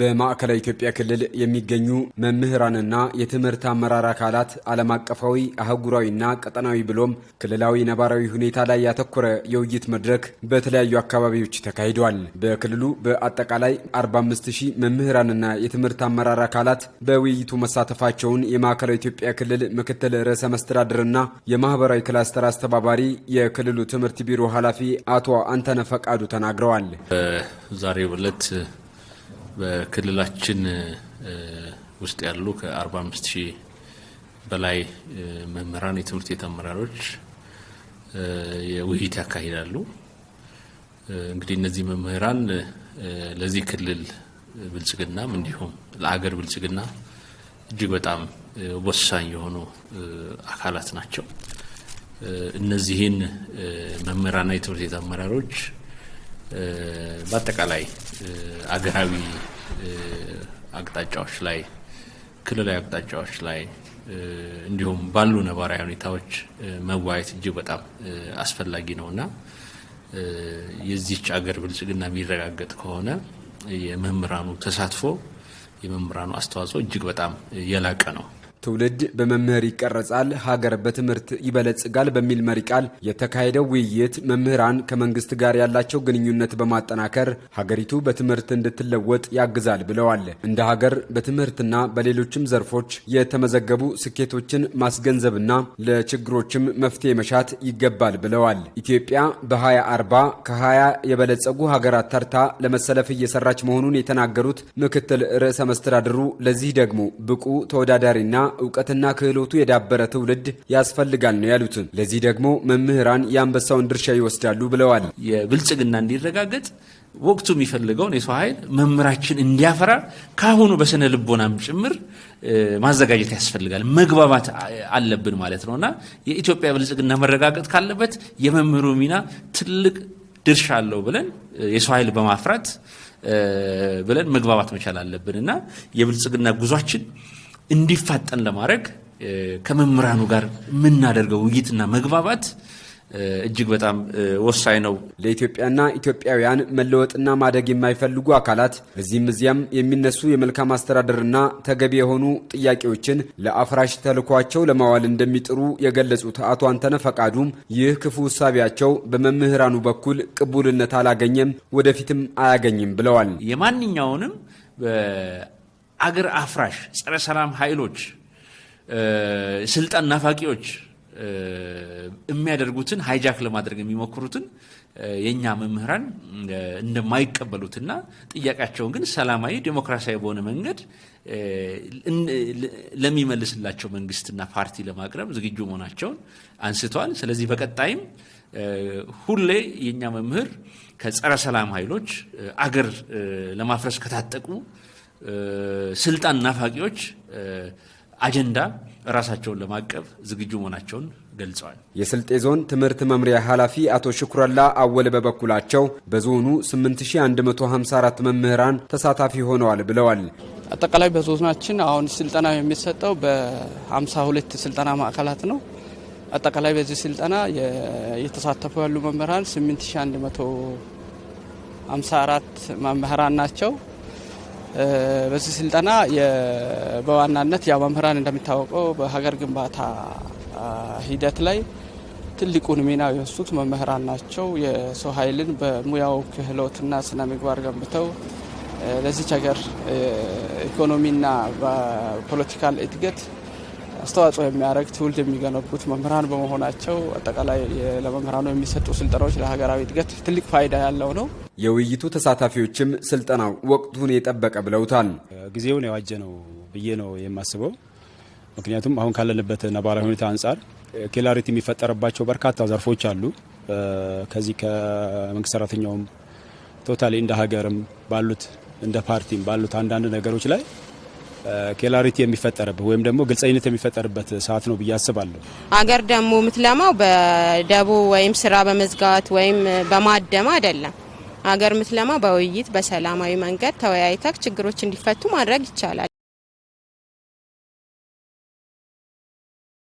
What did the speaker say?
በማዕከላዊ ኢትዮጵያ ክልል የሚገኙ መምህራንና የትምህርት አመራር አካላት ዓለም አቀፋዊ አህጉራዊና ቀጠናዊ ብሎም ክልላዊ ነባራዊ ሁኔታ ላይ ያተኮረ የውይይት መድረክ በተለያዩ አካባቢዎች ተካሂዷል። በክልሉ በአጠቃላይ 45 ሺህ መምህራንና የትምህርት አመራር አካላት በውይይቱ መሳተፋቸውን የማዕከላዊ ኢትዮጵያ ክልል ምክትል ርዕሰ መስተዳድርና የማህበራዊ ክላስተር አስተባባሪ የክልሉ ትምህርት ቢሮ ኃላፊ አቶ አንተነ ፈቃዱ ተናግረዋል። ዛሬው ዕለት በክልላችን ውስጥ ያሉ ከ45 ሺህ በላይ መምህራን፣ የትምህርት ቤት አመራሮች ውይይት ያካሂዳሉ። እንግዲህ እነዚህ መምህራን ለዚህ ክልል ብልጽግናም እንዲሁም ለአገር ብልጽግና እጅግ በጣም ወሳኝ የሆኑ አካላት ናቸው። እነዚህን መምህራንና የትምህርት ቤት አመራሮች በአጠቃላይ አገራዊ አቅጣጫዎች ላይ ክልላዊ አቅጣጫዎች ላይ እንዲሁም ባሉ ነባራዊ ሁኔታዎች መዋየት እጅግ በጣም አስፈላጊ ነውና የዚች አገር ብልጽግና የሚረጋገጥ ከሆነ የመምህራኑ ተሳትፎ የመምህራኑ አስተዋጽኦ እጅግ በጣም የላቀ ነው። ትውልድ በመምህር ይቀረጻል፣ ሀገር በትምህርት ይበለጽጋል በሚል መሪ ቃል የተካሄደው ውይይት መምህራን ከመንግስት ጋር ያላቸው ግንኙነት በማጠናከር ሀገሪቱ በትምህርት እንድትለወጥ ያግዛል ብለዋል። እንደ ሀገር በትምህርትና በሌሎችም ዘርፎች የተመዘገቡ ስኬቶችን ማስገንዘብና ለችግሮችም መፍትሄ መሻት ይገባል ብለዋል። ኢትዮጵያ በ2040 ከ20 የበለጸጉ ሀገራት ተርታ ለመሰለፍ እየሰራች መሆኑን የተናገሩት ምክትል ርዕሰ መስተዳድሩ ለዚህ ደግሞ ብቁ ተወዳዳሪና እውቀትና ክህሎቱ የዳበረ ትውልድ ያስፈልጋል ነው ያሉት። ለዚህ ደግሞ መምህራን የአንበሳውን ድርሻ ይወስዳሉ ብለዋል። የብልጽግና እንዲረጋገጥ ወቅቱ የሚፈልገውን የሰው ኃይል መምህራችን እንዲያፈራ ካሁኑ በስነ ልቦናም ጭምር ማዘጋጀት ያስፈልጋል። መግባባት አለብን ማለት ነው እና የኢትዮጵያ ብልጽግና መረጋገጥ ካለበት የመምህሩ ሚና ትልቅ ድርሻ አለው ብለን የሰው ኃይል በማፍራት ብለን መግባባት መቻል አለብን እና የብልጽግና ጉዟችን እንዲፋጠን ለማድረግ ከመምህራኑ ጋር የምናደርገው ውይይትና መግባባት እጅግ በጣም ወሳኝ ነው። ለኢትዮጵያና ኢትዮጵያውያን መለወጥና ማደግ የማይፈልጉ አካላት እዚህም እዚያም የሚነሱ የመልካም አስተዳደርና ተገቢ የሆኑ ጥያቄዎችን ለአፍራሽ ተልኳቸው ለማዋል እንደሚጥሩ የገለጹት አቶ አንተነ ፈቃዱም ይህ ክፉ እሳቢያቸው በመምህራኑ በኩል ቅቡልነት አላገኘም፣ ወደፊትም አያገኝም ብለዋል። የማንኛውንም አገር አፍራሽ ጸረ ሰላም ኃይሎች፣ ስልጣን ናፋቂዎች የሚያደርጉትን ሃይጃክ ለማድረግ የሚሞክሩትን የእኛ መምህራን እንደማይቀበሉትና ጥያቄያቸውን ግን ሰላማዊ ዴሞክራሲያዊ በሆነ መንገድ ለሚመልስላቸው መንግስትና ፓርቲ ለማቅረብ ዝግጁ መሆናቸውን አንስተዋል። ስለዚህ በቀጣይም ሁሌ የእኛ መምህር ከጸረ ሰላም ኃይሎች አገር ለማፍረስ ከታጠቁ ስልጣን ናፋቂዎች አጀንዳ ራሳቸውን ለማቀብ ዝግጁ መሆናቸውን ገልጸዋል። የስልጤ ዞን ትምህርት መምሪያ ኃላፊ አቶ ሽኩረላ አወል በበኩላቸው በዞኑ 8154 መምህራን ተሳታፊ ሆነዋል ብለዋል። አጠቃላይ በዞናችን አሁን ስልጠና የሚሰጠው በ52 ስልጠና ማዕከላት ነው። አጠቃላይ በዚህ ስልጠና የተሳተፉ ያሉ መምህራን 8154 መምህራን ናቸው። በዚህ ስልጠና በዋናነት ያው መምህራን እንደሚታወቀው በሀገር ግንባታ ሂደት ላይ ትልቁን ሚና የወሱት መምህራን ናቸው። የሰው ኃይልን በሙያው ክህሎትና ስነ ምግባር ገንብተው ለዚች ሀገር ኢኮኖሚና በፖለቲካል እድገት አስተዋጽኦ የሚያደርግ ትውልድ የሚገነቡት መምህራን በመሆናቸው አጠቃላይ ለመምህራኑ የሚሰጡ ስልጠናዎች ለሀገራዊ እድገት ትልቅ ፋይዳ ያለው ነው። የውይይቱ ተሳታፊዎችም ስልጠናው ወቅቱን የጠበቀ ብለውታል። ጊዜውን የዋጀ ነው ብዬ ነው የማስበው። ምክንያቱም አሁን ካለንበት ነባራዊ ሁኔታ አንጻር ኬላሪት የሚፈጠርባቸው በርካታ ዘርፎች አሉ። ከዚህ ከመንግስት ሰራተኛውም ቶታሊ እንደ ሀገርም ባሉት እንደ ፓርቲም ባሉት አንዳንድ ነገሮች ላይ ክላሪቲ የሚፈጠርበት ወይም ደግሞ ግልጸኝነት የሚፈጠርበት ሰዓት ነው ብዬ አስባለሁ። አገር ደግሞ ምትለማው በደቦ ወይም ስራ በመዝጋት ወይም በማደም አይደለም። አገር የምትለማው በውይይት በሰላማዊ መንገድ ተወያይተክ ችግሮች እንዲፈቱ ማድረግ ይቻላል።